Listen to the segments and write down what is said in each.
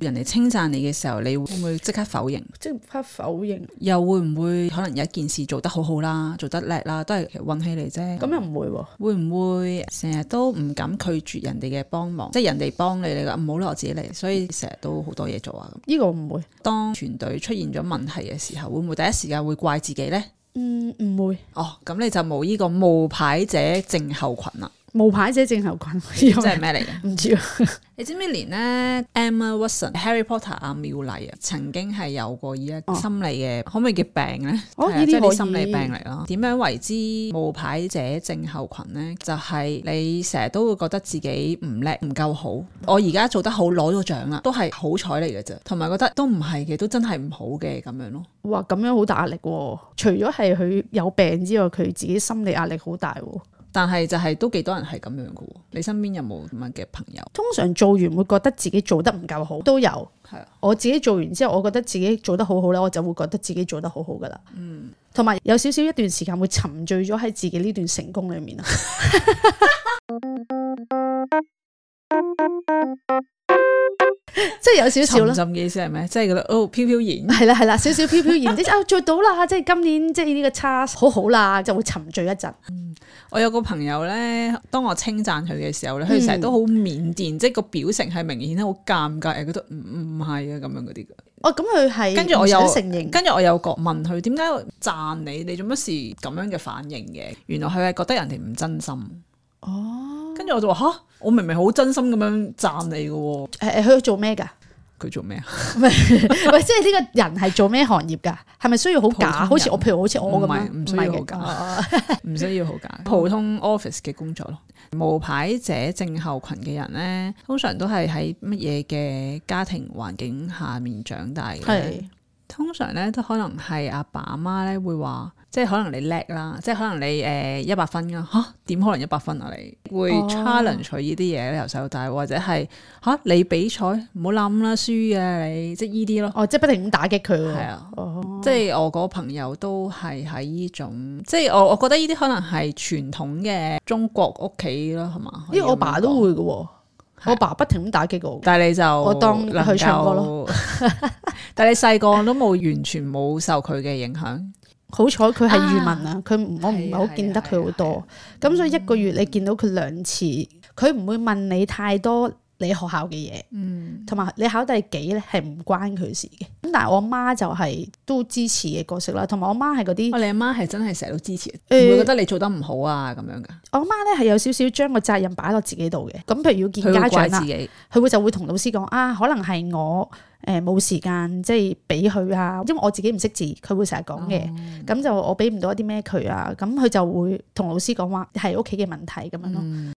人哋稱讚你嘅時候，你會唔會即刻否認？即刻否認，又會唔會可能有一件事做得好好啦，做得叻啦，都係運氣嚟啫。咁又唔會喎、啊？會唔會成日都唔敢拒絕人哋嘅幫忙？即係人哋幫你你唔好攞自己嚟，所以成日都好多嘢做啊！咁呢個唔會。當團隊出現咗問題嘅時候，會唔會第一時間會怪自己呢？嗯，唔會。哦，咁你就冇呢、這個冒牌者症候群啦。冒牌者症候群即係咩嚟嘅？唔 知 你知唔知連咧 Emma Watson、Harry Potter 阿、啊、妙麗啊，曾經係有過以一心理嘅，哦、可唔可以叫病咧？哦，依啲係心理病嚟咯。點樣為之冒牌者症候群咧？就係、是、你成日都會覺得自己唔叻、唔夠好。我而家做得好，攞咗獎啦，都係好彩嚟嘅啫。同埋覺得都唔係嘅，都真係唔好嘅咁樣咯。哇！咁樣好大壓力。除咗係佢有病之外，佢自己心理壓力好大。但係就係都幾多人係咁樣噶，你身邊有冇咁樣嘅朋友？通常做完會覺得自己做得唔夠好，都有。係啊，我自己做完之後，我覺得自己做得好好咧，我就會覺得自己做得好好噶啦。嗯，同埋有少少一段時間會沉醉咗喺自己呢段成功裏面啊。 即係有少少咯，沉嘅 意思係咩？即係覺得哦，飄飄然，係啦係啦，少少飄飄然，之後做到啦，即係今年即係呢個差好好啦，就會沉醉一陣。我有個朋友咧，當我稱讚佢嘅時候咧，佢成日都好靦腆，即係個表情係明顯得好尷尬，佢都唔唔係啊咁樣嗰啲哦，咁佢係跟住我有承認，跟住我又問佢點解讚你，你做乜事咁樣嘅反應嘅？原來佢係覺得人哋唔真心。哦。我就話吓，我明明好真心咁樣讚你噶。誒、呃，佢做咩噶？佢做咩啊？喂，即係呢個人係做咩行業噶？係咪需要好假？好似我，譬如好似我咁樣，唔需要好假，唔、哦、需要好假， 普通 office 嘅工作咯。冒牌者症候群嘅人咧，通常都係喺乜嘢嘅家庭環境下面長大嘅？通常咧都可能係阿爸阿媽咧會話，即係可能你叻啦，即係可能你誒一百分噶吓，點可能一百分啊？你會 challenge 依啲嘢由細到大，或者係吓你比賽唔好諗啦，輸嘅你即係依啲咯。哦，即係不停咁打擊佢。係啊，哦哦即係我個朋友都係喺依種，即係我我覺得呢啲可能係傳統嘅中國屋企咯，係嘛？因為我爸都會噶、哦，是我爸不停咁打擊我。但係你就我當佢唱歌咯。能夠 但你細個都冇完全冇受佢嘅影響。好彩佢係漁民啊！佢不的我唔係好見得佢好多，咁所以一個月你見到佢兩次，佢唔、嗯、會問你太多。你學校嘅嘢，嗯，同埋你考第幾咧係唔關佢事嘅。咁但係我媽就係都支持嘅角色啦，同埋我媽係嗰啲。你阿媽係真係成日都支持，唔、呃、會覺得你做得唔好啊咁樣噶。我阿媽咧係有少少將個責任擺落自己度嘅。咁譬如要見家長啦，佢會就會同老師講啊，可能係我誒冇、呃、時間即係俾佢啊，因為我自己唔識字，佢會成日講嘅。咁、哦、就我俾唔到一啲咩佢啊，咁佢就會同老師講話係屋企嘅問題咁樣咯。嗯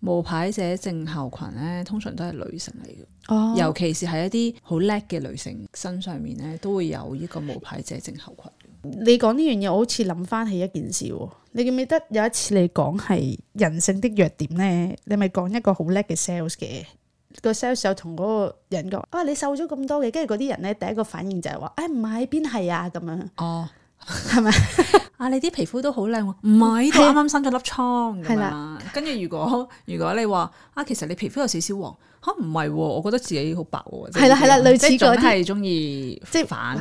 冒牌者症候群咧，通常都係女性嚟嘅，哦、尤其是係一啲好叻嘅女性身上面咧，都會有呢個冒牌者症候群。你講呢樣嘢，我好似諗翻起一件事。你記唔記得有一次你講係人性的弱點呢？你咪講一個好叻嘅 sales 嘅，個 sales 又同嗰個人講，啊，你瘦咗咁多嘅，跟住嗰啲人咧，第一個反應就係話，哎，唔係，邊係啊？咁樣哦。係咪是 啊？你啲皮膚都好靚喎，唔係呢度啱啱生咗粒瘡噶嘛？跟住，啊啊、如果如果你話啊，其實你皮膚有少少黃，吓唔係？我覺得自己好白喎。係啦係啦，類似嗰啲女仔係中意即係反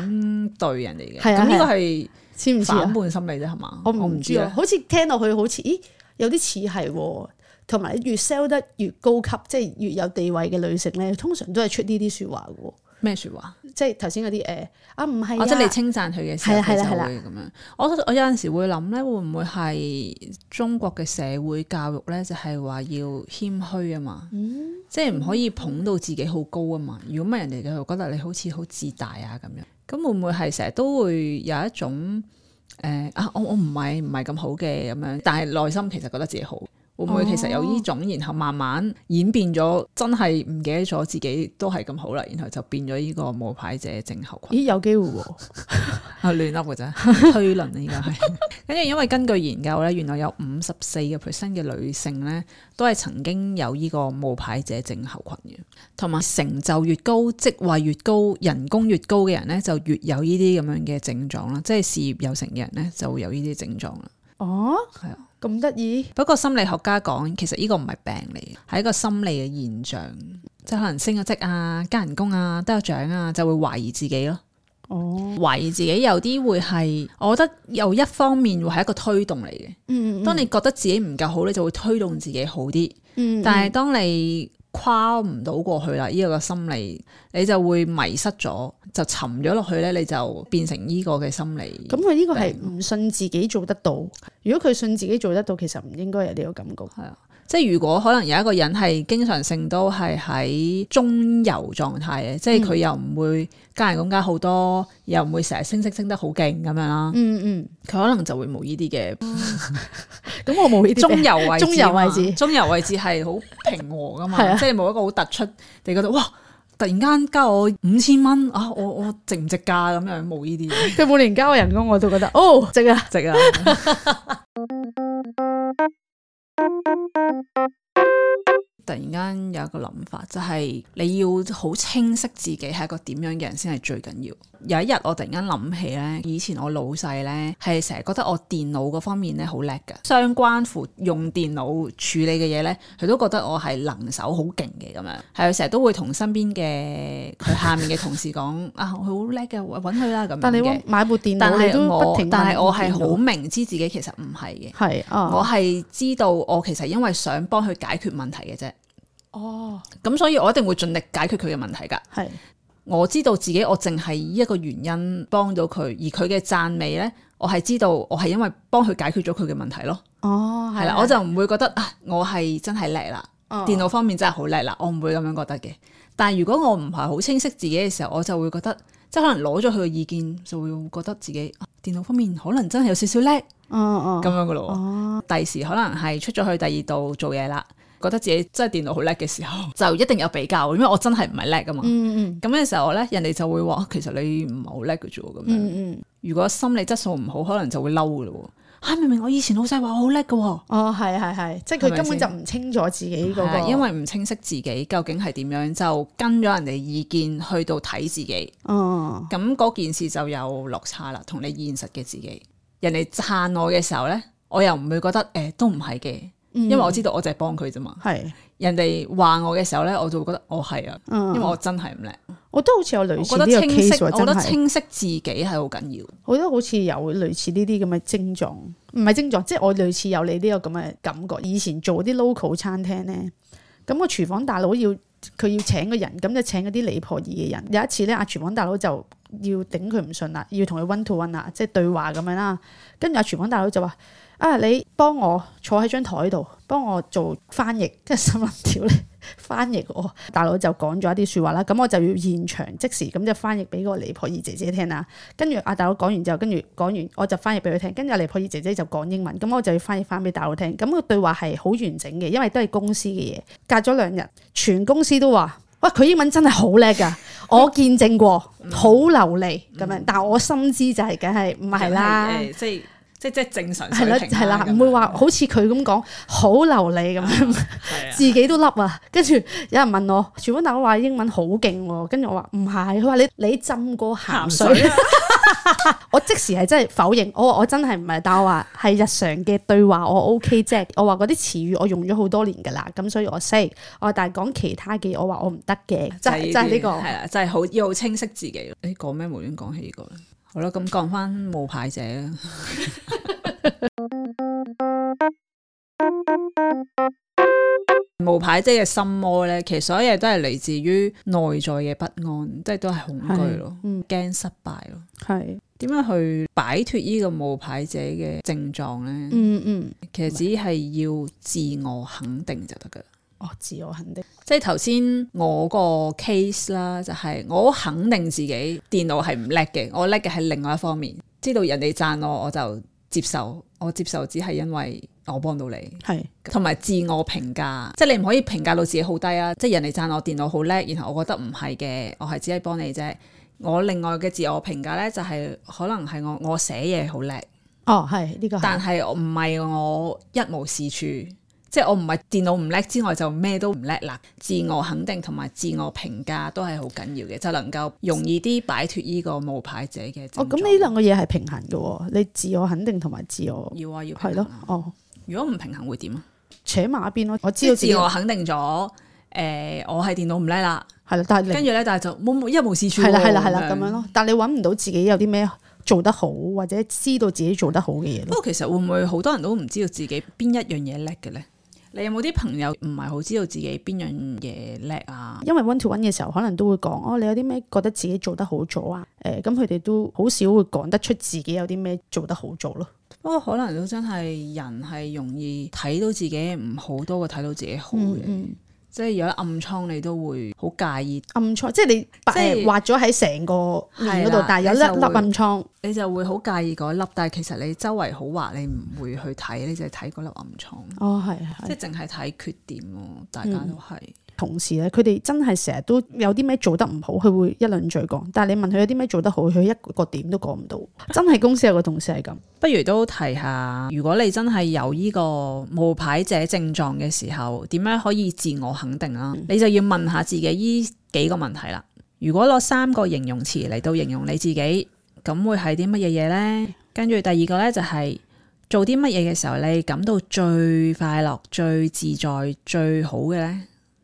對人哋嘅，咁呢，啊啊、個係反叛心理啫，係嘛？我唔知啊，好似聽落去好似，咦有啲似係，同埋越 sell 得越高級，即係越有地位嘅女性咧，通常都係出呢啲說話嘅。咩説話？即係頭先嗰啲誒啊，唔係、啊哦，即係你稱讚佢嘅時候，就會咁樣。我我有陣時會諗咧，會唔會係中國嘅社會教育咧，就係話要謙虛啊嘛，嗯、即係唔可以捧到自己好高啊嘛。如果唔係，人哋嘅覺得你好似好自大啊咁樣。咁會唔會係成日都會有一種誒、呃、啊？我我唔係唔係咁好嘅咁樣，但係內心其實覺得自己好。會唔會其實有呢種，哦、然後慢慢演變咗，真係唔記得咗自己都係咁好啦，然後就變咗呢個冒牌者症候群？咦，有機會喎、哦，亂笠嘅啫，推論啊，應該係。跟 住因為根據研究咧，原來有五十四個 percent 嘅女性咧，都係曾經有呢個冒牌者症候群嘅。同埋成就越高、職位越高、人工越高嘅人咧，就越有呢啲咁樣嘅症狀啦。即、就、係、是、事業有成嘅人咧，就會有呢啲症狀啦。哦，係啊。咁得意？不過心理學家講，其實呢個唔係病嚟嘅，係一個心理嘅現象，即係可能升咗職啊、加人工啊、得咗獎啊，就會懷疑自己咯。哦，懷疑自己有啲會係，我覺得有一方面會係一個推動嚟嘅。嗯嗯，當你覺得自己唔夠好，你就會推動自己好啲。嗯嗯，但係當你跨唔到過去啦，呢、呢個心理你就會迷失咗，就沉咗落去咧，你就變成呢個嘅心理。咁佢呢個係唔信自己做得到。如果佢信自己做得到，其實唔應該有呢個感覺。係啊，即係如果可能有一個人係經常性都係喺中游狀態嘅，嗯、即係佢又唔會加人工加好多，又唔會成日升息升得好勁咁樣啦。嗯嗯，佢可能就會冇呢啲嘅。嗯 咁我冇呢啲嘅，中游位置，中游位置係好平和㗎嘛， 即係冇一個好突出你覺得哇！突然間加我五千蚊啊，我我值唔值價咁樣，冇呢啲。佢 每年加嘅人工我都覺得 哦，值啊，值啊！ 突然間有一個諗法，就係、是、你要好清晰自己係一個點樣嘅人先係最緊要。有一日我突然間諗起咧，以前我老細咧係成日覺得我電腦嗰方面咧好叻嘅，相關乎用電腦處理嘅嘢咧，佢都覺得我係能手好勁嘅咁樣，係佢成日都會同身邊嘅佢下面嘅同事講 啊，佢好叻嘅，搵佢啦咁。但你買部電、電腦，但係我但係我係好明知自己其實唔係嘅，係、哦、我係知道我其實因為想幫佢解決問題嘅啫。哦，咁所以我一定會盡力解決佢嘅問題噶。係是我知道自己我淨係依一個原因幫到佢，而佢嘅讚美咧，我係知道我係因為幫佢解決咗佢嘅問題咯。哦，係啦，我就唔會覺得啊，我係真係叻啦。哦、電腦方面真係好叻啦，我唔會咁樣覺得嘅。但係如果我唔係好清晰自己嘅時候，我就會覺得即係可能攞咗佢嘅意見，就會覺得自己、啊、電腦方面可能真係有少少叻。哦哦，咁樣噶咯。哦，第時可能係出咗去第二度做嘢啦。覺得自己真係電腦好叻嘅時候，就一定有比較，因為我真係唔係叻㗎嘛。咁嘅、嗯嗯、時候咧，人哋就會話：其實你唔係好叻㗎啫。咁樣，嗯嗯，如果心理質素唔好，可能就會嬲噶咯。吓、哎，明明我以前老細話我好叻㗎。哦，係係係，即係佢根本就唔清楚自己嗰，吧因為唔清晰自己究竟係點樣，就跟咗人哋意見去到睇自己。哦，咁嗰件事就有落差啦，同你現實嘅自己。人哋讚我嘅時候咧，我又唔會覺得誒、欸，都唔係嘅。因為我知道我淨係幫佢啫嘛，係是人哋話我嘅時候咧，我就會覺得我係啊，嗯、因為我真係唔叻。我都好似有類似呢個 case，我覺得清晰，真係，我覺得清晰自己係好緊要。我都好似有類似呢啲咁嘅症狀，唔係症狀，即係我類似有你呢個咁嘅感覺。以前做啲 local 餐廳咧，咁個廚房大佬要。佢要請個人，咁就請嗰啲尼泊爾嘅人。有一次咧，阿廚房大佬就要頂佢唔順啦，要同佢 one to one 啦，即係對話咁樣啦。跟住阿廚房大佬就話：啊，你幫我坐喺張台度，幫我做翻譯，跟新聞條咧。 翻譯、哦、大佬就講咗一啲說話啦，咁我就要現場即時咁就翻譯俾個尼泊爾姐姐聽啦。跟住阿、啊、大佬講完之後，跟住講完我就翻譯俾佢聽，跟住阿尼泊爾姐姐就講英文，咁我就要翻譯翻俾大佬聽。咁、那個對話係好完整嘅，因為都係公司嘅嘢。隔咗兩日，全公司都話，喂，佢英文真係好叻噶，我見證過，好、嗯、流利咁樣。嗯、但係我深知就係、是，梗係唔係啦。嗯嗯嗯嗯嗯嗯嗯即即正常水平、啊，係啦，唔會話好似佢咁講好流利咁樣，嗯、 自己都笠啊。跟住的有人問我，全哥大佬話英文好勁，跟住我話唔係，佢話你你浸過鹹水，我即時係真係否認，我我真係唔係，但係我話係日常嘅對話，我 O K 即係，我話嗰啲詞語我用咗好多年噶啦，咁所以我 say，我但係講其他嘅，我話我唔得嘅，真係呢個，真係好要好清晰自己你誒，講咩無端端講起呢、這個好啦，咁講翻冒牌者啦。冒 牌者嘅心魔咧，其實所有嘢都係嚟自於內在嘅不安，即係都係恐懼咯，嗯，驚失敗咯，係是，點樣去擺脫呢個冒牌者嘅症狀咧、嗯？嗯嗯，其實只係要自我肯定就得噶啦。哦，自我肯定，即係頭先我個 case 啦，就係我肯定自己電腦係唔叻嘅，我叻嘅係另外一方面。知道人哋讚我，我就接受，我接受只係因為我幫到你，係同埋自我評價，即係你唔可以評價到自己好低啊！即係人哋讚我電腦好叻，然後我覺得唔係嘅，我係只係幫你啫。我另外嘅自我評價呢，就係可能係我我寫嘢好叻，哦係呢個，但係唔係我一無是處。即係我唔係電腦唔叻之外，就咩都唔叻啦。自我肯定同埋自我評價都係好緊要嘅，就是，能夠容易啲擺脫呢個冒牌者嘅。哦，咁呢兩個嘢係平衡嘅。你自我肯定同埋自我要啊，要係咯。了哦，如果唔平衡會點啊？扯埋一邊咯。我知道自，自我肯定咗，誒、呃，我係電腦唔叻啦，係啦。但係跟住咧，但係就冇冇一無是處啦，係啦，係啦，咁樣咯。但係你搵唔到自己有啲咩做得好，或者知道自己做得好嘅嘢。不過其實會唔會好多人都唔知道自己邊一樣嘢叻嘅咧？嗯你有冇啲朋友唔係好知道自己邊樣嘢叻啊？因為 one to one 嘅時候，可能都會講哦，你有啲咩覺得自己做得好做啊？誒、呃，咁佢哋都好少會講得出自己有啲咩做得好做咯。不過可能都真係人係容易睇到自己唔好多過睇到自己好嘅。嗯即係如果有暗瘡，你都會好介意暗瘡，即係你即白滑咗喺成個面嗰度，是但係有粒粒暗瘡，你就會好介意嗰粒。但係其實你周圍好滑，你唔會去睇，你就睇嗰粒暗瘡。哦，係，係，即係淨係睇缺點，大家都係。嗯同事咧，佢哋真係成日都有啲咩做得唔好，佢會一輪嘴講。但係你問佢有啲咩做得好，佢一個點都講唔到。真係公司有個同事係咁，不如都提下，如果你真係有呢個冒牌者症狀嘅時候，點樣可以自我肯定啦？嗯、你就要問下自己呢幾個問題啦。如果攞三個形容詞嚟到形容你自己，咁會係啲乜嘢嘢呢？跟住第二個呢、就是，就係做啲乜嘢嘅時候，你感到最快樂、最自在、最好嘅呢？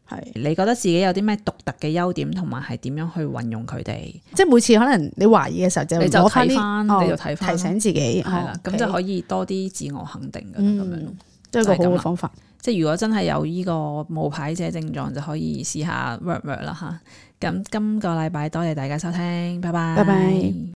係，你覺得自己有啲咩獨特嘅優點，同埋係點樣去運用佢哋？即係每次可能你懷疑嘅時候就，你就睇翻，哦、你就睇翻，提醒自己係啦，咁、哦、了白就可以多啲自我肯定嘅咁、嗯、樣，即係個好嘅方法。即係如果真係有呢個冒牌者症狀，就可以試下 work work 啦嚇。咁今個禮拜多謝大家收聽，拜拜。拜拜。